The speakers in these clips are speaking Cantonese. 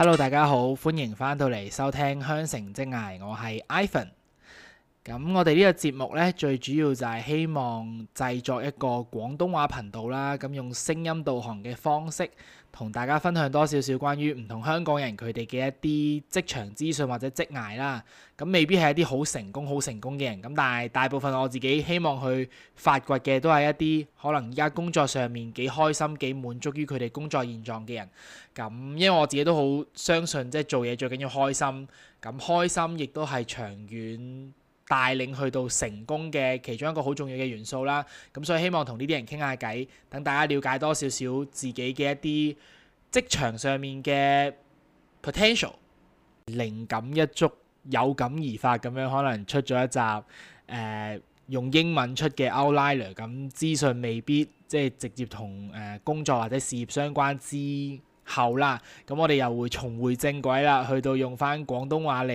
Hello，大家好，歡迎翻到嚟收聽《香城精藝》，我係 Ivan。咁我哋呢個節目咧，最主要就係希望製作一個廣東話頻道啦，咁用聲音導航嘅方式，同大家分享多少少關於唔同香港人佢哋嘅一啲職場資訊或者職涯啦。咁未必係一啲好成功、好成功嘅人，咁但係大部分我自己希望去發掘嘅都係一啲可能而家工作上面幾開心、幾滿足於佢哋工作現狀嘅人。咁因為我自己都好相信，即係做嘢最緊要開心。咁開心亦都係長遠帶領去到成功嘅其中一個好重要嘅元素啦。咁所以希望同呢啲人傾下偈，等大家了解多少少自己嘅一啲職場上面嘅 potential。靈感一觸有感而發，咁樣可能出咗一集誒、呃、用英文出嘅 outliner，咁資訊未必即係、就是、直接同誒工作或者事業相關之。後啦，咁我哋又會重回正軌啦，去到用翻廣東話嚟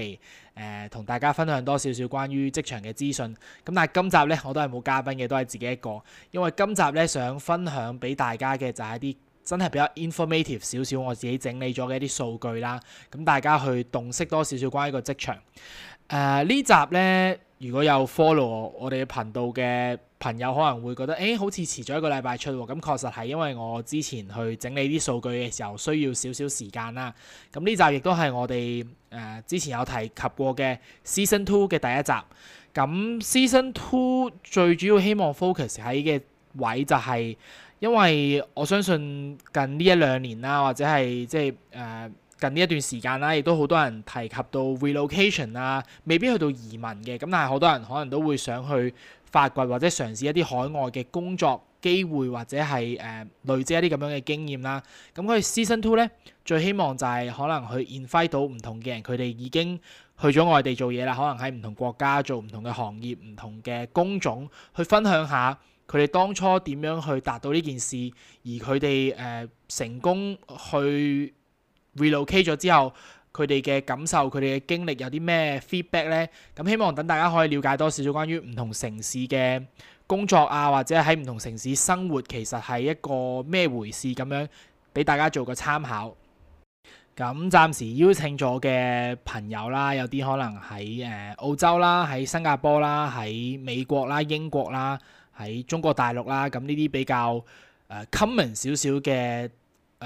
誒，同、呃、大家分享多少少關於職場嘅資訊。咁但係今集呢，我都係冇嘉賓嘅，都係自己一個。因為今集呢，想分享俾大家嘅就係一啲真係比較 informative 少少，我自己整理咗嘅一啲數據啦，咁、啊、大家去洞悉多少少關於個職場。誒、呃、呢集呢，如果有 follow 我哋嘅頻道嘅朋友可能會覺得，誒、欸，好似遲咗一個禮拜出喎。咁確實係，因為我之前去整理啲數據嘅時候，需要少少時間啦。咁呢集亦都係我哋誒、呃、之前有提及過嘅 Season Two 嘅第一集。咁 Season Two 最主要希望 focus 喺嘅位就係，因為我相信近呢一兩年啦，或者係即係誒。呃近呢一段時間啦，亦都好多人提及到 relocation 啦，未必去到移民嘅，咁但係好多人可能都會想去發掘或者嘗試一啲海外嘅工作機會，或者係誒、呃、累積一啲咁樣嘅經驗啦。咁佢哋 Season Two 咧，最希望就係可能去 invite 到唔同嘅人，佢哋已經去咗外地做嘢啦，可能喺唔同國家做唔同嘅行業、唔同嘅工種，去分享下佢哋當初點樣去達到呢件事，而佢哋誒成功去 relocate 咗之後，佢哋嘅感受、佢哋嘅經歷有啲咩 feedback 咧？咁希望等大家可以了解多少少關於唔同城市嘅工作啊，或者喺唔同城市生活其實係一個咩回事咁樣，俾大家做個參考。咁暫時邀請咗嘅朋友啦，有啲可能喺誒、呃、澳洲啦、喺新加坡啦、喺美國啦、英國啦、喺中國大陸啦，咁呢啲比較誒、呃、common 少少嘅。誒 destination 啦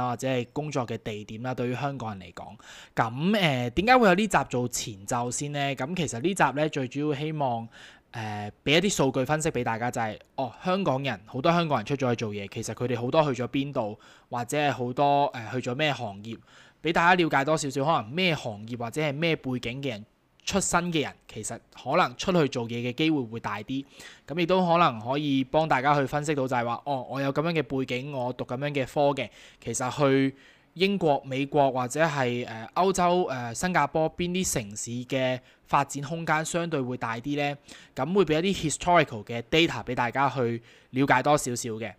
，destination，或者係工作嘅地點啦，對於香港人嚟講，咁誒點解會有呢集做前奏先呢？咁其實呢集咧，最主要希望誒俾、呃、一啲數據分析俾大家，就係、是、哦，香港人好多香港人出咗去做嘢，其實佢哋好多去咗邊度，或者係好多誒、呃、去咗咩行業，俾大家了解多少少，可能咩行業或者係咩背景嘅人。出身嘅人其實可能出去做嘢嘅機會會大啲，咁亦都可能可以幫大家去分析到就係話哦，我有咁樣嘅背景，我讀咁樣嘅科嘅，其實去英國美國或者係誒、呃、歐洲、誒、呃、新加坡邊啲城市嘅發展空間相對會大啲咧，咁會俾一啲 historical 嘅 data 俾大家去了解多少少嘅。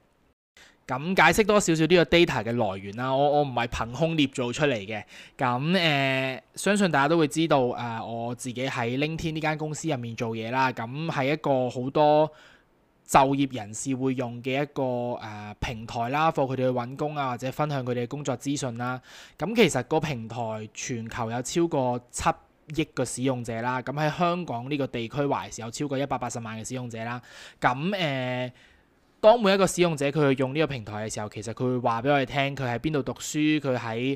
咁解釋多少少呢個 data 嘅來源啦，我我唔係憑空捏造出嚟嘅。咁誒、呃，相信大家都會知道，誒、呃，我自己喺 LinkedIn 呢間公司入面做嘢啦。咁係一個好多就業人士會用嘅一個誒、呃、平台啦，幫佢哋去揾工啊，或者分享佢哋嘅工作資訊啦。咁其實個平台全球有超過七億個使用者啦。咁喺香港呢個地區，還係有超過一百八十萬嘅使用者啦。咁誒。呃當每一個使用者佢去用呢個平台嘅時候，其實佢會話俾我哋聽，佢喺邊度讀書，佢喺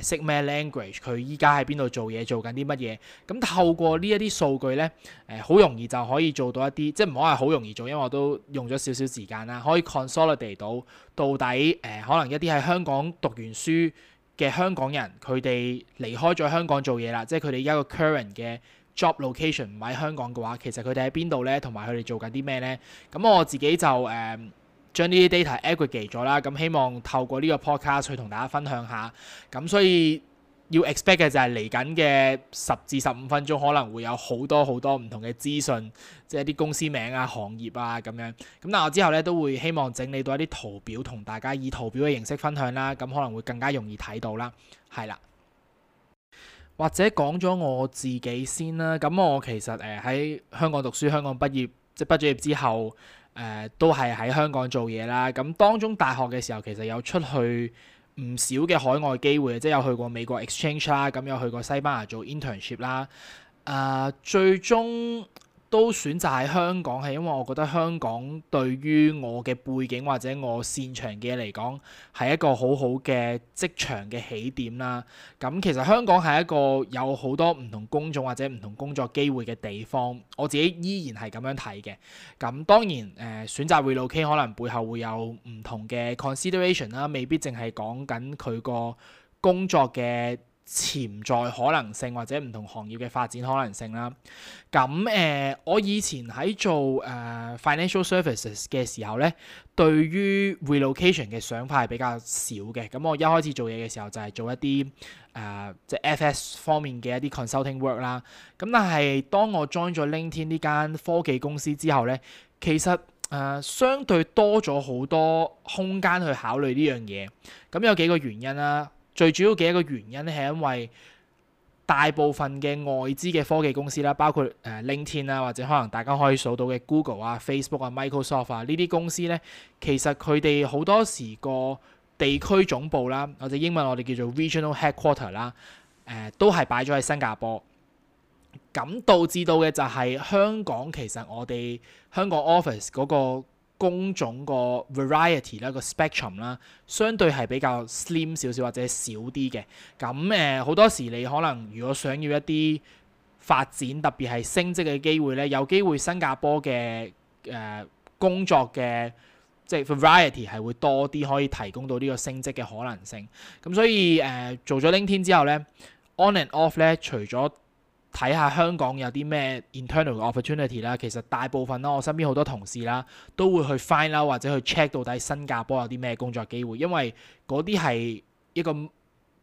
誒識咩 language，佢依家喺邊度做嘢，做緊啲乜嘢。咁透過數呢一啲數據咧，誒、呃、好容易就可以做到一啲，即係唔可係好容易做，因為我都用咗少少時間啦，可以 consolidate 到到底誒、呃、可能一啲喺香港讀完書嘅香港人，佢哋離開咗香港做嘢啦，即係佢哋而家個 current 嘅。job location 唔喺香港嘅話，其實佢哋喺邊度呢？同埋佢哋做緊啲咩呢？咁我自己就誒將呢啲 data aggregate 咗啦。咁希望透過呢個 podcast 去同大家分享下。咁所以要 expect 嘅就係嚟緊嘅十至十五分鐘可能會有好多好多唔同嘅資訊，即係啲公司名啊、行業啊咁樣。咁但係我之後咧，都會希望整理到一啲圖表，同大家以圖表嘅形式分享啦。咁可能會更加容易睇到啦。係啦。或者講咗我自己先啦，咁我其實誒喺香港讀書，香港畢業，即畢咗業之後，誒、呃、都係喺香港做嘢啦。咁、啊、當中大學嘅時候，其實有出去唔少嘅海外機會，即係有去過美國 exchange 啦，咁有去過西班牙做 internship 啦，誒、嗯、最終，都選擇喺香港係因為我覺得香港對於我嘅背景或者我擅長嘅嚟講係一個好好嘅職場嘅起點啦。咁、嗯、其實香港係一個有好多唔同工種或者唔同工作機會嘅地方，我自己依然係咁樣睇嘅。咁、嗯、當然誒、呃，選擇 relocate 可能背後會有唔同嘅 consideration 啦，未必淨係講緊佢個工作嘅。潛在可能性或者唔同行業嘅發展可能性啦。咁誒、呃，我以前喺做誒、呃、financial services 嘅時候咧，對於 relocation 嘅想法係比較少嘅。咁我一開始做嘢嘅時候就係做一啲誒、呃、即係 FS 方面嘅一啲 consulting work 啦。咁但係當我 join 咗 LinkedIn 呢間科技公司之後咧，其實誒、呃、相對多咗好多空間去考慮呢樣嘢。咁有幾個原因啦。最主要嘅一個原因咧，係因為大部分嘅外資嘅科技公司啦，包括誒 LinkedIn 啊，或者可能大家可以數到嘅 Google 啊、Facebook 啊、Microsoft 啊呢啲公司呢，其實佢哋好多時個地區總部啦，或者英文我哋叫做 Regional Headquarter 啦，都係擺咗喺新加坡，咁導致到嘅就係香港其實我哋香港 Office 嗰個工種個 variety 啦，個 spectrum 啦，相對係比較 slim 少少或者少啲嘅。咁誒好多時你可能如果想要一啲發展，特別係升職嘅機會咧，有機會新加坡嘅誒、呃、工作嘅即係 variety 係會多啲，可以提供到呢個升職嘅可能性。咁所以誒、呃、做咗 LinkedIn 之後咧，on and off 咧，除咗睇下香港有啲咩 internal opportunity 啦，其實大部分啦，我身邊好多同事啦，都會去 find 啦，或者去 check 到底新加坡有啲咩工作機會，因為嗰啲係一個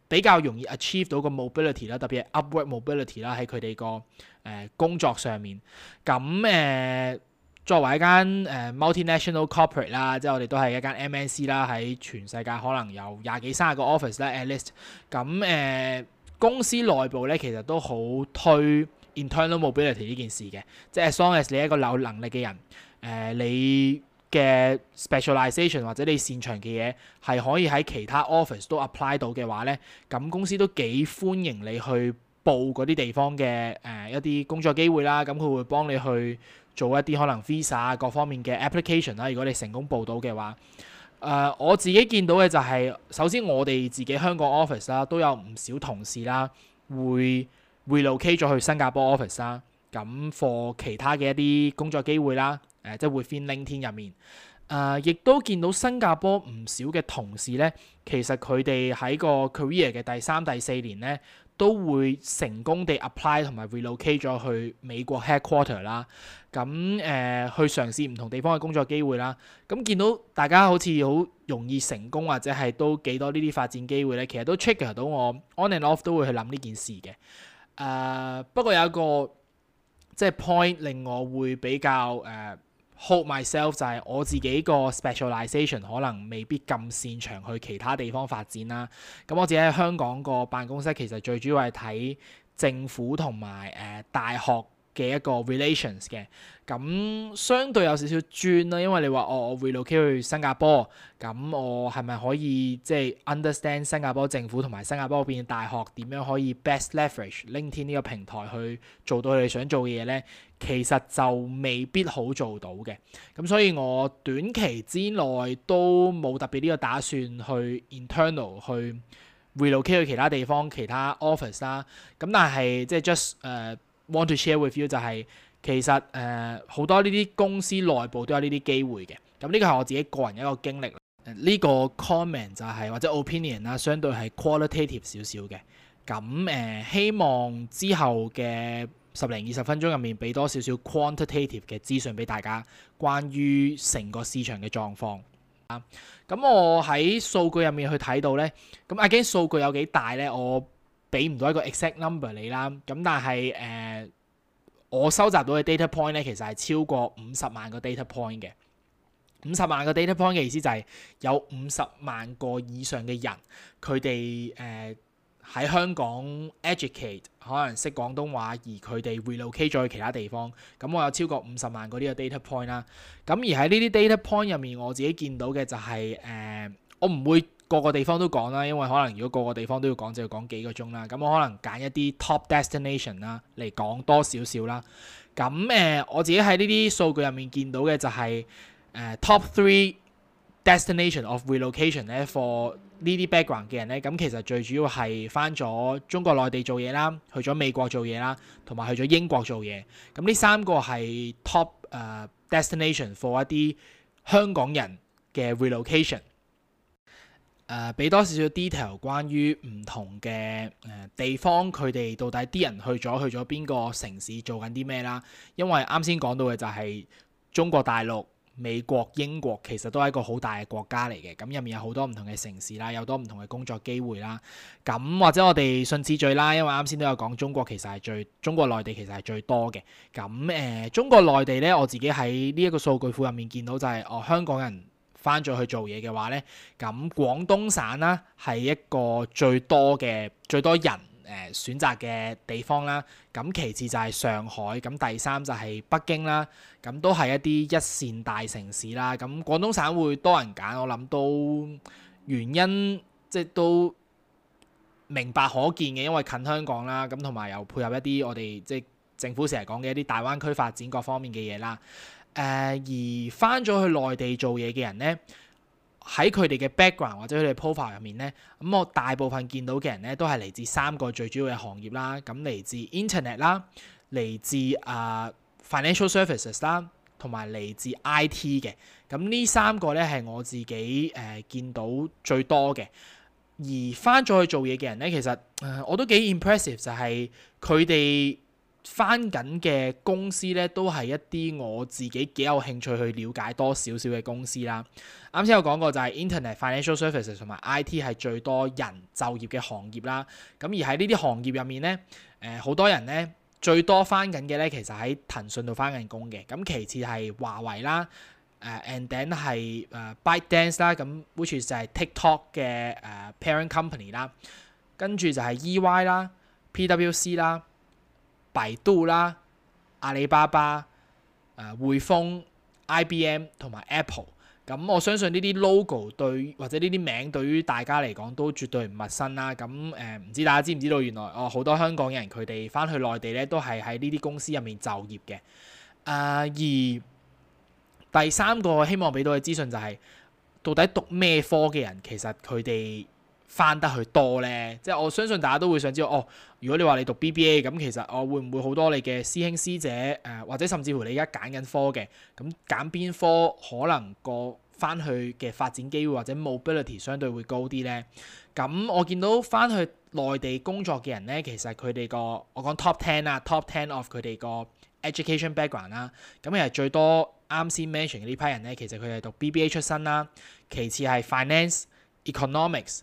比較容易 achieve 到個 mobility 啦，特別係 upward mobility 啦，喺佢哋個誒工作上面。咁誒、呃、作為一間誒、呃、multinational corporate 啦，即係我哋都係一間 MNC 啦，喺全世界可能有廿幾三十個 office 啦，at least。咁誒。呃公司內部咧其實都好推 internal mobility 呢件事嘅，即係 as long as 你一個有能力嘅人，誒、呃、你嘅 specialization 或者你擅長嘅嘢係可以喺其他 office 都 apply 到嘅話咧，咁公司都幾歡迎你去報嗰啲地方嘅誒、呃、一啲工作機會啦，咁佢會幫你去做一啲可能 visa 各方面嘅 application 啦，如果你成功報到嘅話。誒、uh，我自己見到嘅就係，首先我哋自己香港 office 啦、啊，都有唔少同事啦、啊，會 relocate 咗去新加坡 office 啦、啊，咁 for 其他嘅一啲工作機會啦、啊，誒、呃、即係會 filling in 入面。誒、uh，亦都見到新加坡唔少嘅同事咧，其實佢哋喺個 career 嘅第三、第四年咧。都會成功地 apply 同埋 relocate 咗去美國 headquarter 啦，咁、呃、誒去嘗試唔同地方嘅工作機會啦，咁見到大家好似好容易成功或者係都幾多呢啲發展機會咧，其實都 trigger 到我 on and off 都會去諗呢件事嘅，誒、呃、不過有一個即係 point 令我會比較誒、呃 hold myself 就係我自己個 specialization 可能未必咁擅長去其他地方發展啦。咁我自己喺香港個辦公室，其實最主要係睇政府同埋誒大學。嘅一個 relations 嘅，咁相對有少少轉啦，因為你話哦，我 relocate 去新加坡，咁我係咪可以即係、就是、understand 新加坡政府同埋新加坡本地大學點樣可以 best leverage LinkedIn 呢個平台去做到你想做嘅嘢呢？其實就未必好做到嘅。咁所以我短期之內都冇特別呢個打算去 internal 去 relocate 去其他地方其他 office 啦、就是，咁但係即係 just Want to share with you 就係、是、其實誒好、呃、多呢啲公司內部都有呢啲機會嘅，咁呢個係我自己個人一個經歷，呢、這個 comment 就係、是、或者 opinion 啦、啊，相對係 qualitative 少少嘅。咁誒、呃、希望之後嘅十零二十分鐘入面俾多少少 quantitative 嘅資訊俾大家，關於成個市場嘅狀況，啊。咁我喺數據入面去睇到咧，咁阿 g 數據有幾大咧？我俾唔到一個 exact number 你啦，咁但係誒、呃，我收集到嘅 data point 咧，其實係超過五十萬個 data point 嘅。五十萬個 data point 嘅意思就係有五十萬個以上嘅人，佢哋誒喺香港 educate，可能識廣東話，而佢哋 relocate 咗去其他地方。咁我有超過五十萬個呢個 data point 啦。咁而喺呢啲 data point 入面，我自己見到嘅就係、是、誒、呃，我唔會個個地方都講啦，因為可能如果個個地方都要講，就要講幾個鐘啦。咁我可能揀一啲 top destination 啦，嚟講多少少啦。咁誒、呃，我自己喺呢啲數據入面見到嘅就係、是呃、top three destination of relocation 咧，for 呢啲 background 嘅人咧。咁其實最主要係返咗中國內地做嘢啦，去咗美國做嘢啦，同埋去咗英國做嘢。咁呢三個係 top 誒、uh, destination for 一啲香港人嘅 relocation。誒，呃、俾多少少 detail 關於唔同嘅誒、呃、地方，佢哋到底啲人去咗去咗邊個城市做緊啲咩啦？因為啱先講到嘅就係中國大陸、美國、英國，其實都係一個好大嘅國家嚟嘅。咁入面有好多唔同嘅城市啦，有好多唔同嘅工作機會啦。咁或者我哋順次序啦，因為啱先都有講中國其實係最中國內地其實係最多嘅。咁誒、呃，中國內地呢，我自己喺呢一個數據庫入面見到就係、是、哦、呃，香港人。翻咗去做嘢嘅話呢，咁廣東省啦係一個最多嘅最多人誒選擇嘅地方啦。咁其次就係上海，咁第三就係北京啦。咁都係一啲一線大城市啦。咁廣東省會多人揀，我諗都原因即都明白可見嘅，因為近香港啦。咁同埋又配合一啲我哋即政府成日講嘅一啲大灣區發展各方面嘅嘢啦。誒、呃、而翻咗去內地做嘢嘅人咧，喺佢哋嘅 background 或者佢哋 profile 入面咧，咁、嗯、我大部分見到嘅人咧都係嚟自三個最主要嘅行業啦，咁、嗯、嚟自 Internet 啦，嚟自啊、呃、financial services 啦，同埋嚟自 IT 嘅，咁、嗯、呢三個咧係我自己誒、呃、見到最多嘅。而翻咗去做嘢嘅人咧，其實、呃、我都幾 impressive 就係佢哋。翻緊嘅公司咧，都係一啲我自己幾有興趣去了解多少少嘅公司啦。啱先有講過就係 Internet Financial Services 同埋 IT 係最多人就業嘅行業啦。咁而喺呢啲行業入面咧，誒、呃、好多人咧最多翻緊嘅咧，其實喺騰訊度翻緊工嘅。咁其次係華為啦，誒、啊、And then 係誒、uh, ByteDance 啦，咁、啊、Which is 就係 TikTok 嘅誒、uh, Parent Company 啦。跟住就係 EY 啦、PWC 啦。百度啦、阿里巴巴、誒、呃、匯豐、IBM 同埋 Apple，咁我相信呢啲 logo 對或者呢啲名對於大家嚟講都絕對唔陌生啦。咁誒唔知大家知唔知道原來我好、哦、多香港人佢哋翻去內地咧都係喺呢啲公司入面就業嘅。誒、呃、而第三個希望俾到嘅資訊就係、是、到底讀咩科嘅人其實佢哋，翻得去多咧，即係我相信大家都會想知道哦。如果你話你讀 BBA 咁，其實我、哦、會唔會好多你嘅師兄師姐誒、呃，或者甚至乎你而家揀緊科嘅，咁揀邊科可能個翻去嘅發展機會或者 mobility 相對會高啲咧？咁、嗯、我見到翻去內地工作嘅人咧，其實佢哋個我講 top ten 啊 top ten of 佢哋個 education background 啦、啊，咁其實最多啱先 mention 嘅呢批人咧，其實佢係讀 BBA 出身啦，其次係 finance economics。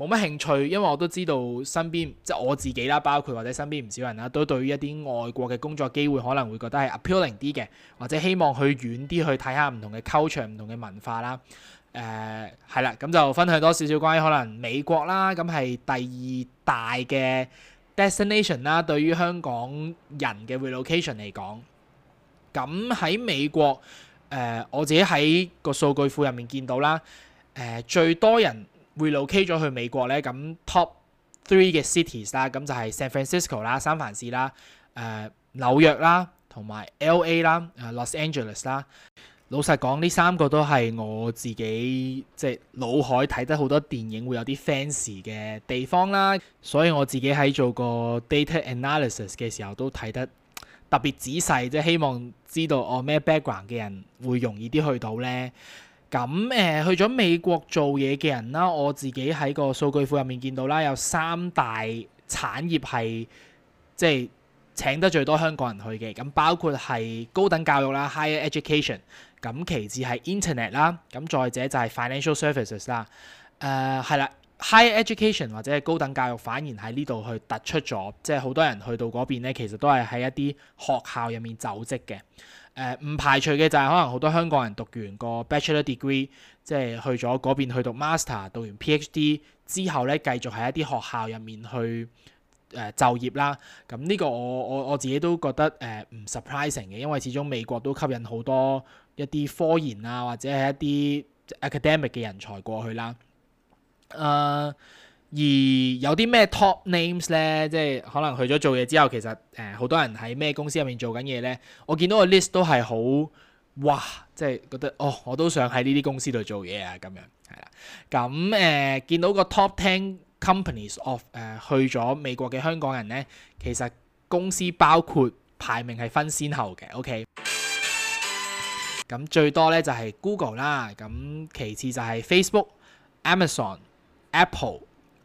冇乜興趣，因為我都知道身邊即係我自己啦，包括或者身邊唔少人啦，都對於一啲外國嘅工作機會可能會覺得係 appealing 啲嘅，或者希望去遠啲去睇下唔同嘅 culture、唔同嘅文化啦。誒係啦，咁、呃、就分享多少少關於可能美國啦，咁係第二大嘅 destination 啦，對於香港人嘅 relocation 嚟講，咁喺美國誒、呃、我自己喺個數據庫入面見到啦，誒、呃、最多人 relocate 咗去美國呢，咁 top three 嘅 cities 啦，咁就係 San Francisco 啦、三藩市啦、誒、呃、紐約啦、同埋 LA 啦、呃、Los Angeles 啦。老實講，呢三個都係我自己即係腦海睇得好多電影會有啲 fancy 嘅地方啦，所以我自己喺做個 data analysis 嘅時候都睇得特別仔細，即係希望知道我咩 background 嘅人會容易啲去到呢。咁誒去咗美國做嘢嘅人啦，我自己喺個數據庫入面見到啦，有三大產業係即係請得最多香港人去嘅，咁包括係高等教育啦 （higher education），咁其次係 internet 啦，咁再者就係 financial services 啦、呃。誒係啦，higher education 或者係高等教育反而喺呢度去突出咗，即係好多人去到嗰邊咧，其實都係喺一啲學校入面就職嘅。誒唔、呃、排除嘅就係可能好多香港人讀完個 Bachelor degree，即係去咗嗰邊去讀 Master，讀完 PhD 之後咧繼續喺一啲學校入面去、呃、就業啦。咁、這、呢個我我我自己都覺得誒唔、呃、surprising 嘅，因為始終美國都吸引好多一啲科研啊或者係一啲 academic 嘅人才過去啦。誒、呃。而有啲咩 top names 咧，即係可能去咗做嘢之後，其實誒好、呃、多人喺咩公司入面做緊嘢咧。我見到個 list 都係好哇，即係覺得哦，我都想喺呢啲公司度做嘢啊咁樣，係啦。咁、嗯、誒、呃、見到個 top ten companies of 誒、呃、去咗美國嘅香港人咧，其實公司包括排名係分先後嘅。OK。咁最多咧就係 Google 啦，咁其次就係 Facebook、Amazon、Apple。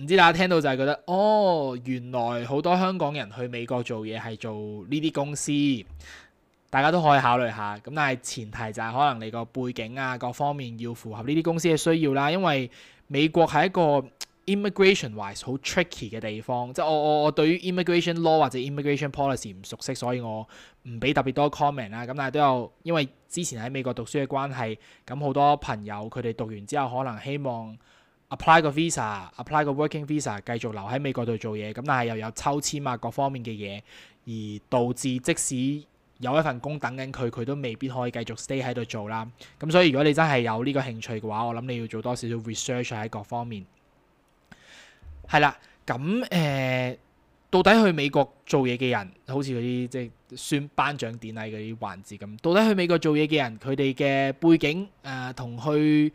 唔知大家聽到就係覺得，哦，原來好多香港人去美國做嘢係做呢啲公司，大家都可以考慮下。咁但係前提就係可能你個背景啊各方面要符合呢啲公司嘅需要啦。因為美國係一個 immigration wise 好 tricky 嘅地方，即係我我我對於 immigration law 或者 immigration policy 唔熟悉，所以我唔俾特別多 comment 啦。咁但係都有，因為之前喺美國讀書嘅關係，咁好多朋友佢哋讀完之後可能希望，apply 個 visa，apply 個 working visa，繼續留喺美國度做嘢，咁但係又有抽籤啊，各方面嘅嘢，而導致即使有一份工等緊佢，佢都未必可以繼續 stay 喺度做啦。咁所以如果你真係有呢個興趣嘅話，我諗你要做多少少 research 喺、啊、各方面。係啦，咁誒、呃，到底去美國做嘢嘅人，好似嗰啲即係宣頒獎典禮嗰啲環節咁，到底去美國做嘢嘅人，佢哋嘅背景誒同、呃、去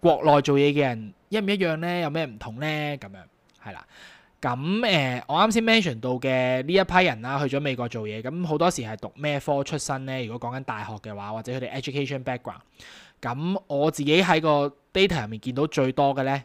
國內做嘢嘅人？一唔一樣咧？有咩唔同咧？咁樣係啦。咁誒、呃，我啱先 mention 到嘅呢一批人啦，去咗美國做嘢，咁好多時係讀咩科出身咧？如果講緊大學嘅話，或者佢哋 education background，咁我自己喺個 data 入面見到最多嘅咧。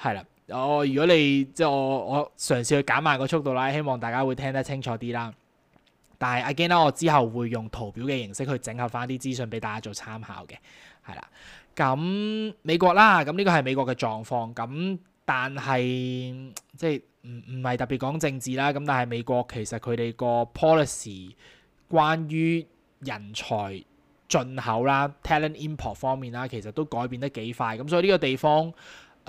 係啦，我、哦、如果你即係我我嘗試去減慢個速度啦，希望大家會聽得清楚啲啦。但係 again 啦，我之後會用圖表嘅形式去整合翻啲資訊俾大家做參考嘅。係啦，咁、嗯、美國啦，咁呢個係美國嘅狀況。咁、嗯、但係即係唔唔係特別講政治啦。咁但係美國其實佢哋個 policy 關於人才進口啦、talent import 方面啦，其實都改變得幾快。咁、嗯、所以呢個地方。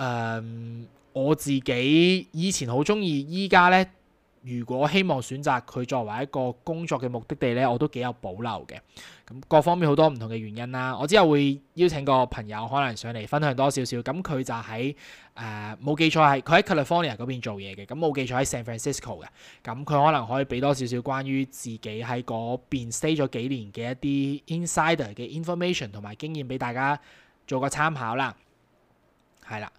誒、嗯、我自己以前好中意，依家呢，如果希望選擇佢作為一個工作嘅目的地呢，我都幾有保留嘅。咁各方面好多唔同嘅原因啦。我之後會邀請個朋友可能上嚟分享多少少。咁佢就喺誒、冇記錯係佢喺 California 嗰邊做嘢嘅。咁冇記錯喺 San Francisco 嘅。咁佢可能可以俾多少少關於自己喺嗰邊 stay 咗幾年嘅一啲 insider 嘅 information 同埋經驗俾大家做個參考啦。係啦。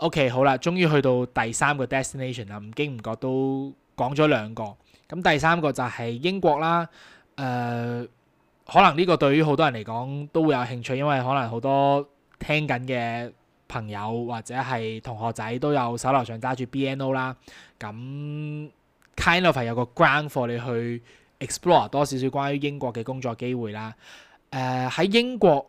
O.K. 好啦，終於去到第三個 destination 啦，唔經唔覺都講咗兩個，咁、嗯、第三個就係英國啦。誒、呃，可能呢個對於好多人嚟講都會有興趣，因為可能好多聽緊嘅朋友或者係同學仔都有手頭上揸住 B.N.O. 啦。咁、嗯、Kind of 有個 ground for 你去 explore 多少少關於英國嘅工作機會啦。誒、呃，喺英國。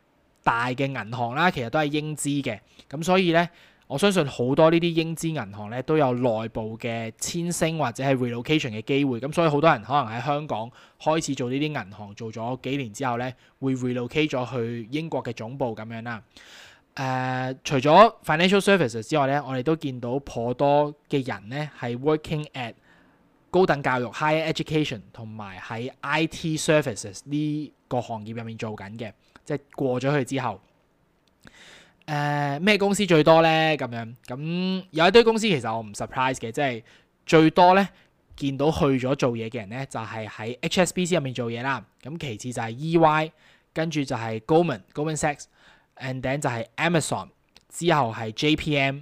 大嘅銀行啦，其實都係英資嘅，咁所以咧，我相信好多呢啲英資銀行咧都有內部嘅遷升或者係 relocation 嘅機會，咁所以好多人可能喺香港開始做呢啲銀行，做咗幾年之後咧，會 relocate 咗去英國嘅總部咁樣啦。誒、呃，除咗 financial services 之外咧，我哋都見到頗多嘅人咧係 working at 高等教育 higher education 同埋喺 IT services 呢個行業入面做緊嘅。即係過咗去之後，誒、呃、咩公司最多咧？咁樣咁有一堆公司其實我唔 surprise 嘅，即係最多咧見到去咗做嘢嘅人咧，就係、是、喺 HSBC 入面做嘢啦。咁其次就係 EY，跟住就係 Goldman，Goldman Sachs，and then 就係 Amazon，之後係 JPM。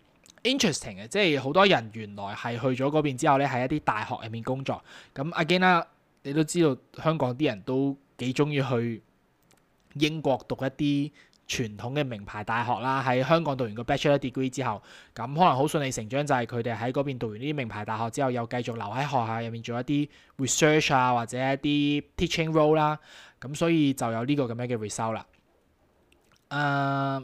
Interesting 嘅，即係好多人原來係去咗嗰邊之後咧，喺一啲大學入面工作。咁 again 啦，你都知道香港啲人都幾中意去英國讀一啲傳統嘅名牌大學啦。喺香港讀完個 Bachelor degree 之後，咁可能好順理成章就係佢哋喺嗰邊讀完呢啲名牌大學之後，又繼續留喺學校入面做一啲 research 啊，或者一啲 teaching role 啦。咁所以就有呢個咁樣嘅 result 啦。誒、呃。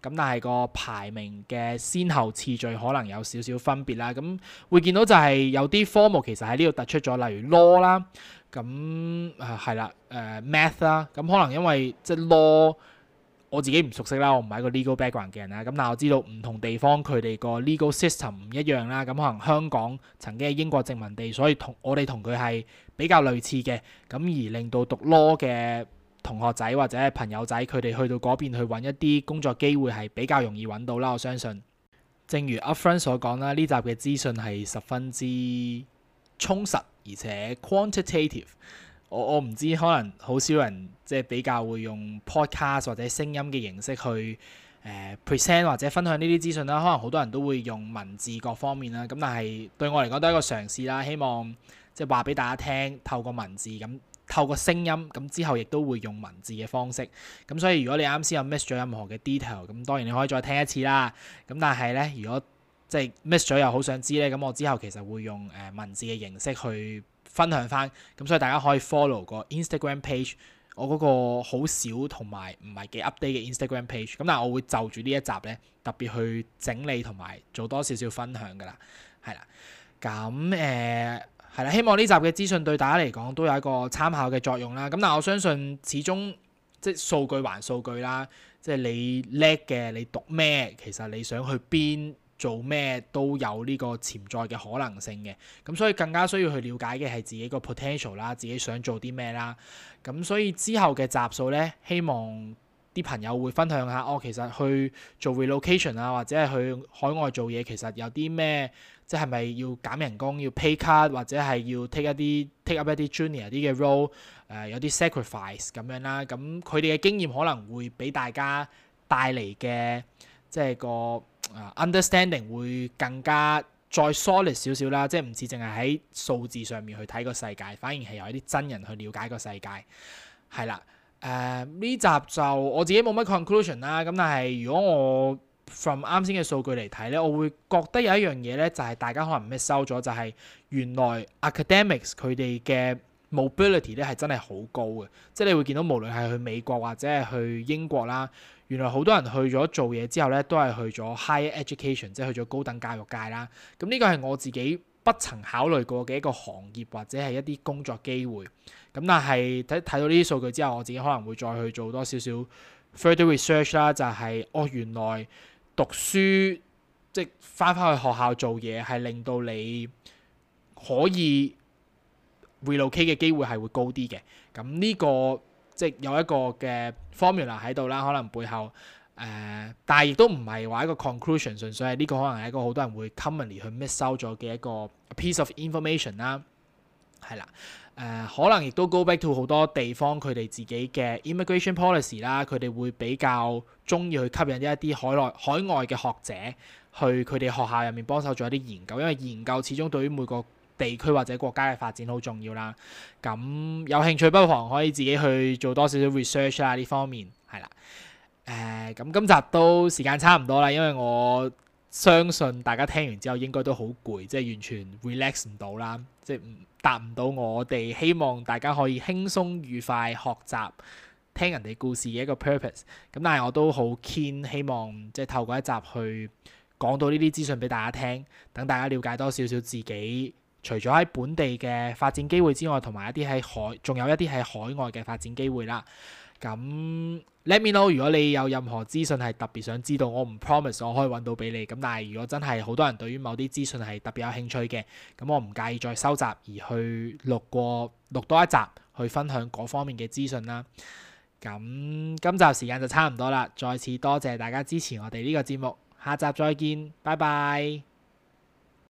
咁但係個排名嘅先後次序可能有少少分別啦。咁會見到就係有啲科目其實喺呢度突出咗，例如 law 啦，咁係啦，誒、呃、math 啦。咁可能因為即、係、law 我自己唔熟悉啦，我唔係一個 legal background 嘅人啦。咁但我知道唔同地方佢哋個 legal system 唔一樣啦。咁可能香港曾經係英國殖民地，所以同我哋同佢係比較類似嘅，咁而令到讀 law 嘅。同學仔或者朋友仔，佢哋去到嗰邊去揾一啲工作機會係比較容易揾到啦。我相信，正如 Upfriend 所講啦，呢集嘅資訊係十分之充實，而且 quantitative。我我唔知可能好少人即係比較會用 podcast 或者聲音嘅形式去誒 present、呃、或者分享呢啲資訊啦。可能好多人都會用文字各方面啦。咁但係對我嚟講都係一個嘗試啦。希望即係話俾大家聽，透過文字咁。嗯透過聲音，咁之後亦都會用文字嘅方式，咁所以如果你啱先有 miss 咗任何嘅 detail，咁當然你可以再聽一次啦。咁但係呢，如果即係 miss 咗又好想知呢，咁我之後其實會用誒、呃、文字嘅形式去分享翻，咁所以大家可以 follow 個 Instagram page，我嗰個好少同埋唔係幾 update 嘅 Instagram page，咁但係我會就住呢一集呢，特別去整理同埋做多少少分享噶啦，係啦，咁誒。呃係啦，希望呢集嘅資訊對大家嚟講都有一個參考嘅作用啦。咁但係我相信始終即係數據還數據啦，即係你叻嘅，你讀咩，其實你想去邊做咩都有呢個潛在嘅可能性嘅。咁所以更加需要去了解嘅係自己個 potential 啦，自己想做啲咩啦。咁所以之後嘅集數呢，希望，啲朋友會分享下，哦，其實去做 relocation 啊，ation, 或者係去海外做嘢，其實有啲咩，即係咪要減人工、要 pay cut，或者係要 take 一啲 take up 一啲 junior 啲嘅、like、role，誒、呃、有啲 sacrifice 咁樣啦。咁佢哋嘅經驗可能會俾大家帶嚟嘅，即係個、uh, understanding 會更加再 solid 少少啦。即係唔似淨係喺數字上面去睇個世界，反而係由一啲真人去了解個世界，係啦。誒呢、呃、集就我自己冇乜 conclusion 啦，咁但係如果我 from 啱先嘅數據嚟睇咧，我會覺得有一樣嘢咧，就係、是、大家可能 miss 咗，就係原來 academics 佢哋嘅 mobility 咧係真係好高嘅，即係你會見到無論係去美國或者係去英國啦，原來好多人去咗做嘢之後咧，都係去咗 higher education，r e 即係去咗高等教育界啦。咁、嗯、呢、這個係我自己，不曾考慮過嘅一個行業或者係一啲工作機會，咁但係睇睇到呢啲數據之後，我自己可能會再去做多少少 further research 啦、就係，就係哦原來讀書即係翻返去學校做嘢係令到你可以 relocate 嘅機會係會高啲嘅，咁呢、這個即、就係、有一個嘅 formula 喺度啦，可能背後。誒，uh，但係亦都唔係話一個 conclusion，純粹係呢個可能係一個好多人會 commonly 去 miss out 咗嘅一個 piece of information 啦，係啦，誒，uh，可能亦都 go back to 好多地方佢哋自己嘅 immigration policy 啦，佢哋會比較中意去吸引一啲海內海外嘅學者去佢哋學校入面幫手做一啲研究，因為研究始終對於每個地區或者國家嘅發展好重要啦。咁有興趣不妨可以自己去做多少少 research 啦呢方面，係啦。咁今集都時間差唔多啦，因為我相信大家聽完之後應該都好攰，即係完全 relax 唔到啦，即係唔達唔到我哋希望大家可以輕鬆愉快學習聽人哋故事嘅一個 purpose。咁但係我都好 keen 希望，即係透過一集去講到呢啲資訊俾大家聽，等大家了解多少少自己除咗喺本地嘅發展機會之外，同埋一啲喺海，仲有一啲喺海外嘅發展機會啦。咁 Let me know 如果你有任何資訊係特別想知道，我唔 promise 我可以揾到俾你。咁但係如果真係好多人對於某啲資訊係特別有興趣嘅，咁我唔介意再收集而去錄過錄多一集去分享嗰方面嘅資訊啦。咁今集時間就差唔多啦，再次多謝大家支持我哋呢個節目，下集再見，拜拜。